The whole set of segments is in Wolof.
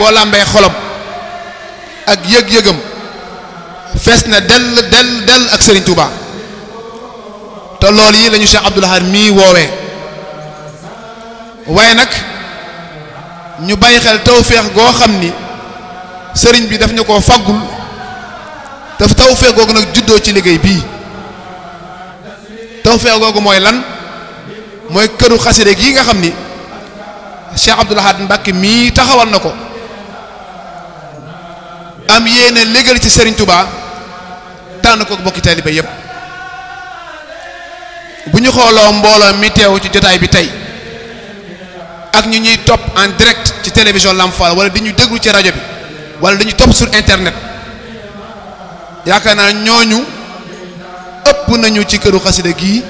boo làmbee xolam ak yëg-yëgam fees na dell dell dell ak Serigne Touba te lool yi lañu Cheikh Abdoul Ahad mii woowee waaye nag ñu bàyyi xel tawféex goo xam ni sëriñ bi daf ñu ko faggul te tawféex googu nag juddoo ci liggéey bii tawféex googu mooy lan mooy këru xaside gi nga xam ni Cheikh Abdoul mbàkk mii taxawal na ko am yéene légal ci Serigne Touba tànn ko bokki taalibe yépp bu ñu xooloo mbooloo mi teew ci jotaay bi tey ak ñu ñuy topp en direct ci télévision Lamp Fall wala di ñu déglu ci rajo bi wala dañu topp sur internet yaakaar naa ñooñu ëpp nañu ci këru xasida gii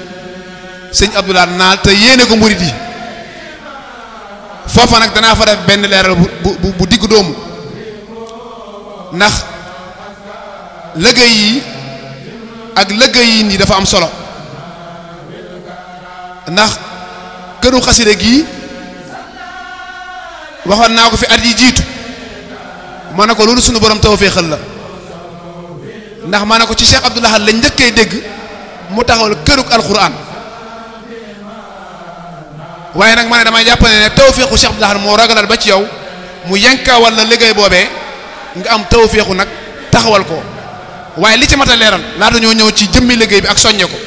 sëñ Abdoulaye naal te yéene ko murid yi foofa nag danaa fa def benn leeral bu bu bu diggu doomu. ndax liggéey yi ak liggéey yi dafa am solo ndax këru xasida gii waxoon naa ko fi at yi jiitu ma ne ko loolu sunu borom tawféexal la ndax ma ne ko ci Cheikh Abdou Lahad lañ njëkkee dégg mu taxawal këru alxuraan waaye nag ma ne damay jàpp ne ne tawféexu Cheikh Abdou Lahad moo ragalal ba ci yow mu yankawal la liggéey boobee nga am tawféexu nag taxawal ko waaye li ci mat a leeral laata ñoo ñëw ci jëmmi liggéey bi ak soññe ko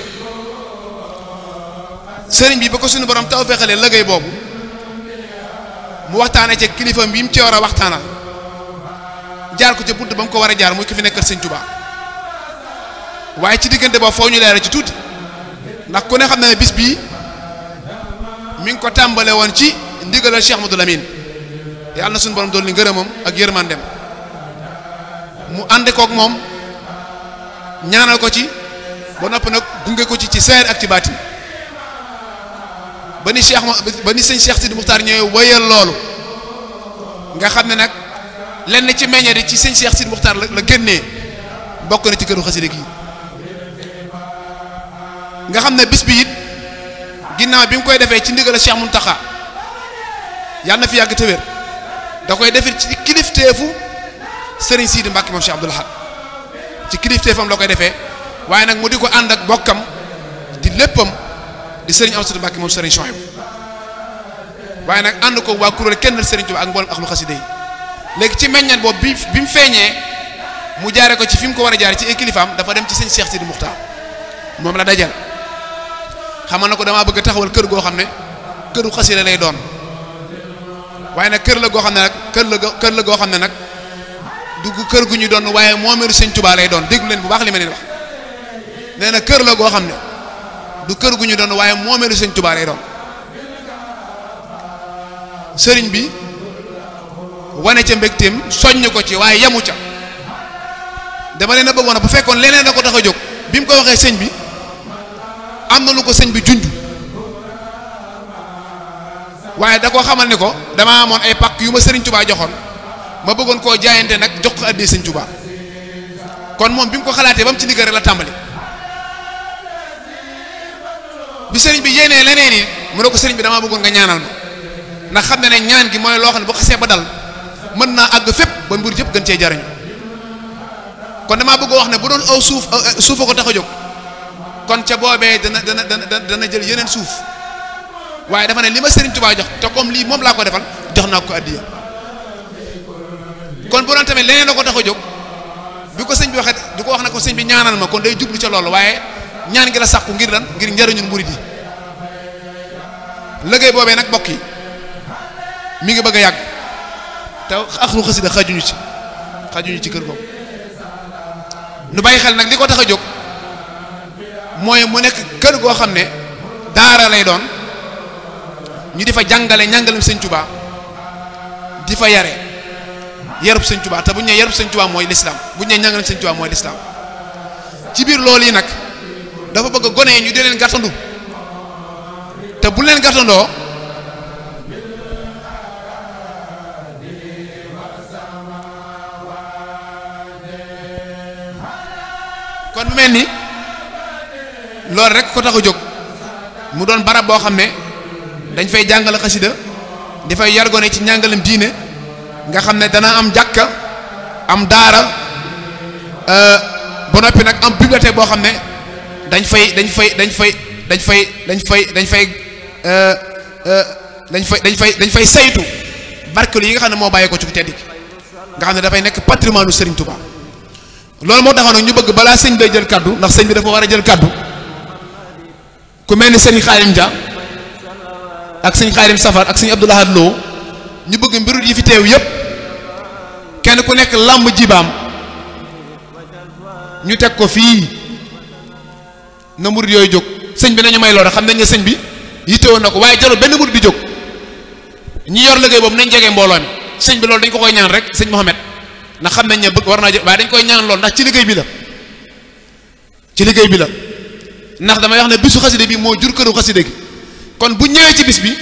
sëriñ bi ba ko suñu borom tawféexalee liggéey boobu mu waxtaanee ca kilifa bi mu ci war a waxtaanal jaar ko ca bunt ba mu ko war a jaar muy ko fi nekkal sëñ Tuubaa waaye ci diggante boobu foo ñu leeral ci tuuti ndax ku ne xam na bis bii mi ngi ko tàmbale woon ci ndigalal Cheikh Madou Lamine yàlla na suñu borom dool ni ngërëmam ak yërmandem mu ànd kook moom ñaanal ko ci ba nopp nag gunge ko ci ci seer ak ci baatin ba ni Cheikh ba ni sëñ Cheikh Sidi Muxtaar ñooy wéyal loolu nga xam ne nag lenn ci meññeer ci sëñ Cheikh Sidi Muxtaar la génnee bokk na ci këru xasida gi nga xam ne bis bi it ginnaaw bi mu koy defee ci ndigal Cheikh taxa yàlla na fi yàgg te da koy defit ci kilifteefu sëriñ Sidi Mbacke moom Cheikh Abdoul Ahad ci kilifteefam loo koy defee waaye nag mu di ko ànd ak bokkam di léppam di sëriñ Amsatu Mbacke moom sëriñ Chouaib waaye nag ànd ko waa kuréel kenn sëriñ Tuubaa ak mboolem ak lu xaside léegi ci meññat boobu bi bi mu feeñee mu jaare ko ci fi mu ko war a jaare ci ay kilifaam dafa dem ci sëñ Cheikh Sidi Muxtaar moom la dajal xamal na ko damaa bëgg a taxawal kër goo xam ne këru xasida lay doon waaye nag kër la goo xam ne nag kër la la goo xam ne nag dugg kër gu ñu doon waaye moomeelu sëñ Tuubaa lay doon déglu bu baax li ma leen wax na kër la goo xam ne du kër gu ñu doon waaye moomeelu sëñ Tuubaa lay doon sëriñ bi wane ca mbégteem soññ ko ci waaye yamu ca dama leen a bëggoon bu fekkoon leneen da ko tax a jóg bi mu ko waxee sëñ bi am na lu ko sëñ bi junj waaye da koo xamal ni ko dama amoon ay pàkk yu ma sëriñ tubaa joxoon. ma bëggoon koo jaayante nag jox ko addee sëñ Tuubaa kon moom bi mu ko xalaatee ba mu ci digg rek la tàmbali bi sëriñ bi yéenee leneen yi mu ne ko sëriñ bi damaa bëggoon nga ñaanal ma ndax xam ne ne ñaan gi mooy loo xam ne bu xasee ba dal mën naa àgg fépp ba mbir yëpp gën cee jariñu kon damaa bëgg wax ne bu doon aw suuf suufa ko tax a jóg kon ca boobee dana dana dana dana jël yeneen suuf waaye dafa ne li ma sëriñ Tuubaa jox te comme lii moom laa ko defal jox naa ko kon bu doon tamit leneen la ko tax a jóg bi ko sëñ bi waxee di ko wax na ko sëñ bi ñaanal ma kon day jublu ca loolu waaye ñaan gi la sàkku ngir lan ngir njariñul murid yi liggéey boobee nag bokk yi mi ngi bëgg a yàgg te axlu xasida xajuñu ci xajuñu ci kër googu nu bàyyi xel nag li ko tax a jóg mooy mu nekk kër goo xam ne daara lay doon ñu di fa jàngale ñàngalum sëñ Tuubaa di fa yare yarub sëñ Tuubaa te bu ñu nee yarub sëñ Tuubaa mooy lislaam bu ñu nee ñàngal sëñ Tuubaa mooy lislaam ci biir lool yi nag dafa bëgg gone yi ñu di leen gàttandu te bu leen gàttandoo kon mel ni loolu rek ko tax a jóg mu doon barab boo xam ne dañ fay jàngale xasida dafay yar gone ci njàngalem diine nga xam ne dana am jàkka am daara euh, ba noppi nag am bibliothèque boo xam ne dañ fay dañ fay dañ fay dañ fay dañ fay dañ fay euh, euh, dañ fay dañ fay dañ fay saytu barkelu yi nga xam ne moo bàyyi ko ci tedd gi nga xam ne dafay nekk patrimoine u Serigne Touba loolu moo taxoon nag ñu bëgg balaa sëñ bay jël kàddu ndax sëñ bi dafa war a jël kaddu ku mel ni sëñ Xaarim Dia ak sëñ Xaarim Safar ak sëñ Abdoulahad Lo ñu bëgg mbirut yi fi teew yépp kenn ku nekk làmb jibaam ñu teg ko fii na murit yooyu jóg sëñ bi nañu may loolu xam nañ ne sëñ bi yittewoon na ko waaye jarul benn murit bi jóg ñi yor liggéey boobu nañ jege mbooloo mi sëñ bi loolu dañ ko koy ñaan rek sëñ Mohamed ndax xam nañ ne bëgg war naa jóg waaye dañ koy ñaan loolu ndax ci liggéey bi la ci liggéey bi la ndax damay wax ne bisu xaside bi moo jur këru xaside gi kon bu ñëwee ci bis bi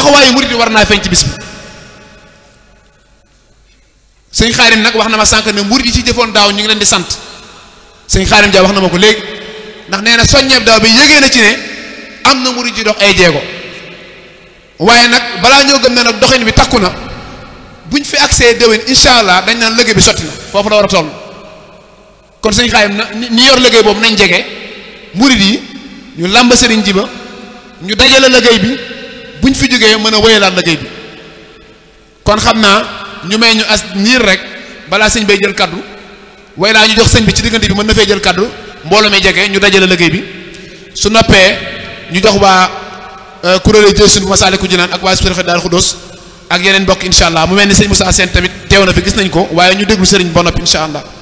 taxawaayu murit yi war naa feeñ ci bis nag wax na ma sànq ne murit yi ci jëfoon daaw ñu ngi leen di sant sëñ xaarim ja wax na ma ko léegi ndax nee na soññeeb daaw bi yégee na ci am na murit yi dox ay jéego waaye nag balaa ñoo gëm ne nag bi takku na buñ fi accès déwén incha allah dañ naan liggéey bi sotti foofu la war a toll kon sëñ xaarim na ñi yor liggéey boobu nañ jege murit yi ñu làmb sëriñ ji ba ñu dajale liggéey bi bu ñu fi jógee mën a wéyalaat liggéey bi kon xam naa ñu may ñu as niir rek balaa sëñ bay jël kaddu way laa ñu jox sëñ bi ci diggante bi mën na fee jël kàddu mbooloo may jege ñu dajale liggéey bi su noppee ñu jox waa euh, kuréel jësun bu Masaalikul Jinaan ak waa Spirituel Daaru Xudoos ak yeneen mbokk incha allah mu mel ni sëñ Moussa Sène tamit teew na fi gis nañ ko waaye ñu déglu sëriñ ba noppi incha allah